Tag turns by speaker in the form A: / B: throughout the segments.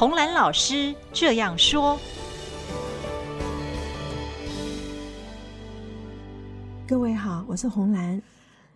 A: 洪蘭老師這樣說：“各
B: 位好，我是洪蘭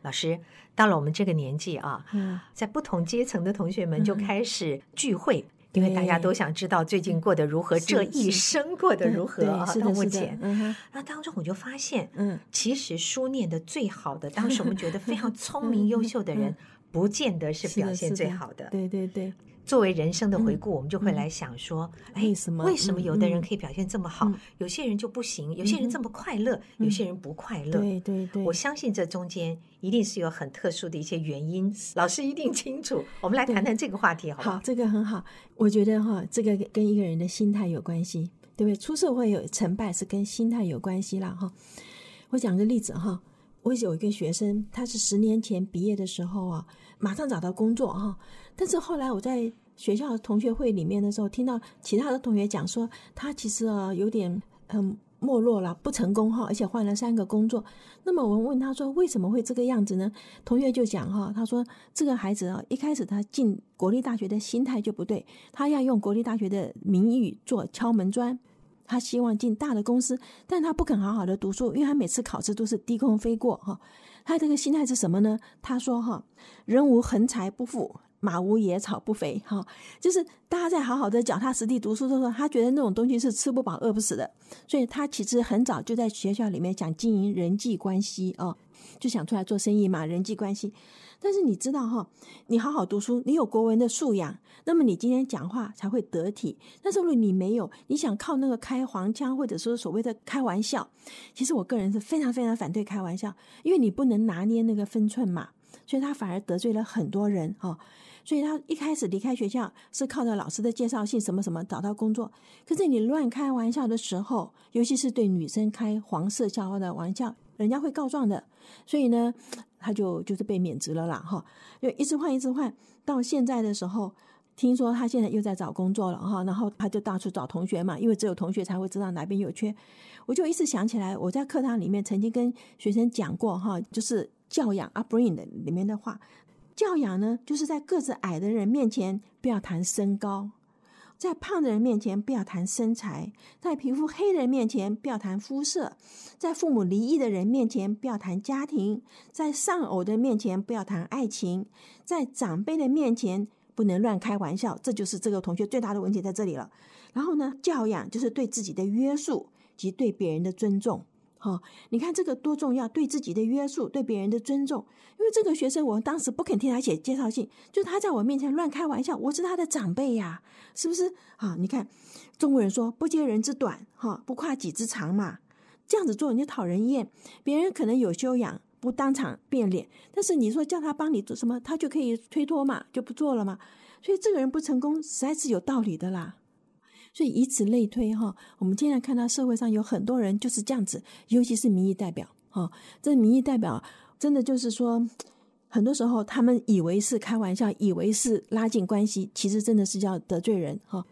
B: 老師。到了我們這個年紀啊，嗯、在不同階層的同學們就開始聚會，嗯、因為大家都想知道最近過得如何，是這一生過得如何啊？到目前。嗯、那當中我就發現，嗯，其實書念的最好的，當時我們覺得非常聰明優秀的人，嗯、不見得是表現最好的。的的對對對。”作為人生的回顧，嗯、我們就會來想說，嗯、哎，什麼？為什麼有的人可以表現這麼好，嗯、有些人就不行？嗯、有些人這麼快樂，嗯、有些人不快樂？對對、嗯嗯、對，對對我相信這中間一定是有很特殊的一些原因，老師一定清楚。對我們來談談這個話題對好，吧
A: 好，這個很好，我覺得哈，這個跟一個人的心態有關係，對不對？出社會有成敗是跟心態有關係了哈。我講個例子哈。我有一個學生，他是十年前畢業的時候啊，馬上找到工作哈。但是後來我在學校同學會裡面的時候，聽到其他的同學講說，他其實啊有點很沒落了，不成功哈，而且換了三個工作。那麼我問他說，為什麼會這個樣子呢？同學就講哈，他說這個孩子啊，一開始他進國立大學的心態就不對，他要用國立大學的名譽做敲門磚。他希望進大的公司，但他不肯好好的讀書，因為他每次考試都是低空飛過哈、哦。他這個心態是什麼呢？他說：“哈，人無橫財不富。”馬無野草不肥，哈、哦，就是大家在好好的腳踏實地讀書的時候，他覺得那種東西是吃不飽、餓不死的，所以他其實很早就在學校裡面想經營人際關係啊、哦，就想出來做生意嘛，人際關係。但是你知道哈、哦，你好好讀書，你有國文的素養，那麼你今天講話才會得體。但是如果你沒有，你想靠那個開黃腔，或者說所謂的開玩笑，其實我個人是非常非常反對開玩笑，因為你不能拿捏那個分寸嘛，所以他反而得罪了很多人哈。哦所以他一開始離開學校是靠着老師的介紹信什麼什麼找到工作。可是你亂開玩笑的時候，尤其是對女生開黃色笑話的玩笑，人家會告狀的。所以呢，他就就是被免職了啦，哈。就一直換，一直換。到現在的時候，聽說他現在又在找工作了，哈。然後他就到處找同學嘛，因為只有同學才會知道哪邊有缺。我就一次想起來，我在課堂裡面曾經跟學生講過，哈，就是教養啊 upbringing 的裡面的話。教養呢，就是在個子矮的人面前不要談身高，在胖的人面前不要談身材，在皮膚黑的人面前不要談膚色，在父母離異的人面前不要談家庭，在喪偶的面前不要談愛情，在長輩的面前不能亂開玩笑。這就是這個同學最大的問題在這裡了。然後呢，教養就是對自己的約束及對別人的尊重。哦，你看這個多重要，對自己的約束，對別人的尊重。因為這個學生，我當時不肯替他寫介紹信，就他在我面前亂開玩笑。我是他的長輩呀，是不是？啊、哦、你看，中國人說不揭人之短，哈、哦，不誇己之長嘛。這樣子做，你就討人厭。別人可能有修養，不當場變臉，但是你說叫他幫你做什麼，他就可以推脫嘛，就不做了嘛。所以這個人不成功，實在是有道理的啦。所以以此類推哈，我們經常看到社會上有很多人就是這樣子，尤其是民意代表哈。這民意代表真的就是說，很多時候他們以為是開玩笑，以為是拉近關係，其實真的是叫得罪人哈。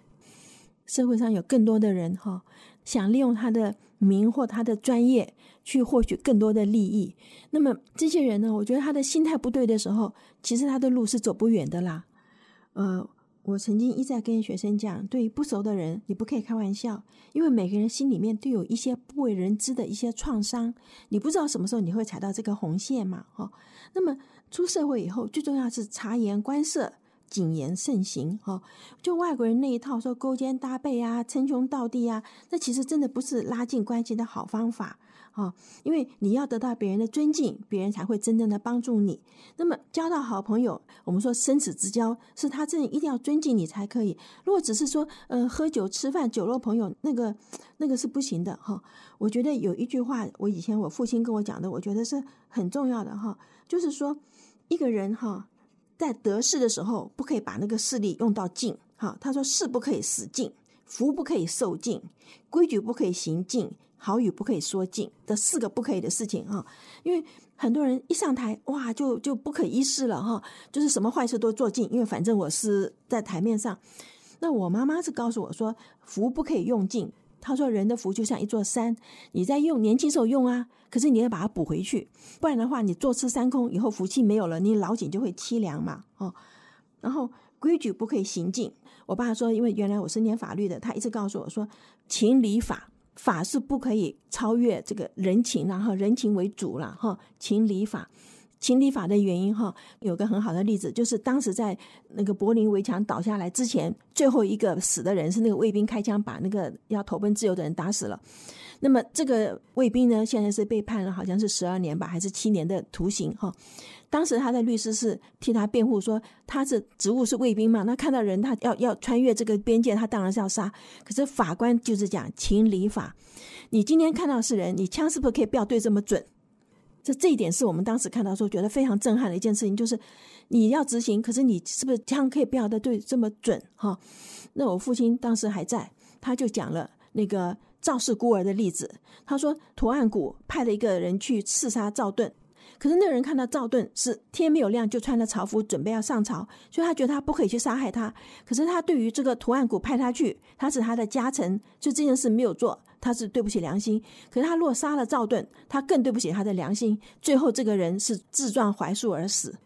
A: 社會上有更多的人哈，想利用他的名或他的專業去獲取更多的利益。那麼這些人呢，我覺得他的心態不對的時候，其實他的路是走不遠的啦。呃。我曾經一再跟學生講，對於不熟的人，你不可以開玩笑，因為每個人心裡面都有一些不為人知的一些創傷，你不知道什麼時候你會踩到這個紅線嘛？哦，那麼出社會以後，最重要是察言觀色、謹言慎行。哦，就外國人那一套說勾肩搭背啊、稱兄道弟啊，那其實真的不是拉近關係的好方法。啊，因為你要得到別人的尊敬，別人才會真正的幫助你。那麼交到好朋友，我們說生死之交，是他真的一定要尊敬你才可以。如果只是說，呃，喝酒吃飯、酒肉朋友，那個那個是不行的哈。我覺得有一句話，我以前我父親跟我講的，我覺得是很重要的哈，就是說，一個人哈，在得勢的時候，不可以把那個勢力用到盡哈。他說，勢不可以使盡，福不可以受盡，規矩不可以行盡，好語不可以說盡，這四個不可以的事情哈，因為很多人一上台哇就就不可一世了哈，就是什麼壞事都做盡，因為反正我是在台面上。那我媽媽是告訴我說，福不可以用盡。她說人的福就像一座山，你在用年輕時候用啊，可是你要把它補回去，不然的話你坐吃山空，以後福氣沒有了，你老景就會淒涼嘛哦。然後規矩不可以行盡，我爸說，因為原來我是念法律的，他一直告訴我說情理法。法是不可以超越這個人情啊，然後人情為主了啊、哈。情理法，情理法的原因哈啊，有個很好的例子，就是當時在那個柏林圍牆倒下來之前，最後一個死的人是那個衛兵開槍把那個要投奔自由的人打死了。那麼這個衛兵呢，現在是被判了，好像是十二年吧，還是七年的徒刑哈。當時他的律師是替他辯護說，他是職務是衛兵嘛，那看到人他要要穿越這個邊界，他當然是要殺。可是法官就是講情理法，你今天看到是人，你槍是不是可以不要對這麼準？這這一點是我們當時看到時候覺得非常震撼的一件事情，就是你要執行，可是你是不是槍可以不要的對這麼準哈？那我父親當時還在，他就講了。那個趙氏孤兒的例子，他說，屠岸賈派了一個人去刺殺趙盾，可是那個人看到趙盾是天沒有亮就穿着朝服準備要上朝，所以他覺得他不可以去殺害他。可是他對於這個屠岸賈派他去，他是他的家臣，所以這件事沒有做，他是對不起良心。可是他若殺了趙盾，他更對不起他的良心。最後這個人是自撞槐樹而死。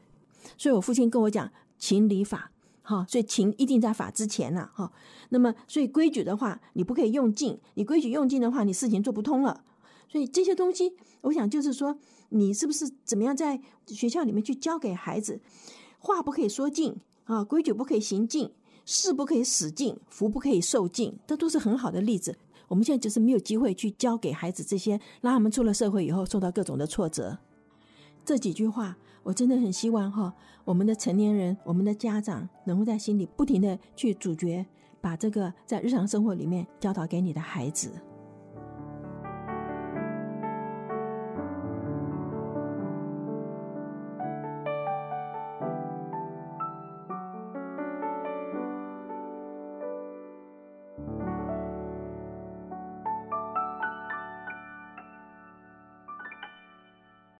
A: 所以我父親跟我講，情理法。哈、哦，所以情一定在法之前呢，啊，哈、哦。那麼，所以規矩的話，你不可以用盡，你規矩用盡的話，你事情做不通了。所以這些東西，我想就是說，你是不是怎麼樣在學校裡面去教給孩子，話不可以說盡啊，規矩不可以行盡，事不可以使盡，福不可以受盡，這都是很好的例子。我們現在就是沒有機會去教給孩子這些，讓他們出了社會以後受到各種的挫折。這幾句話。我真的很希望哈，我們的成年人，我們的家長，能夠在心裡不停的去咀嚼，把這個在日常生活裡面教導給你的孩子。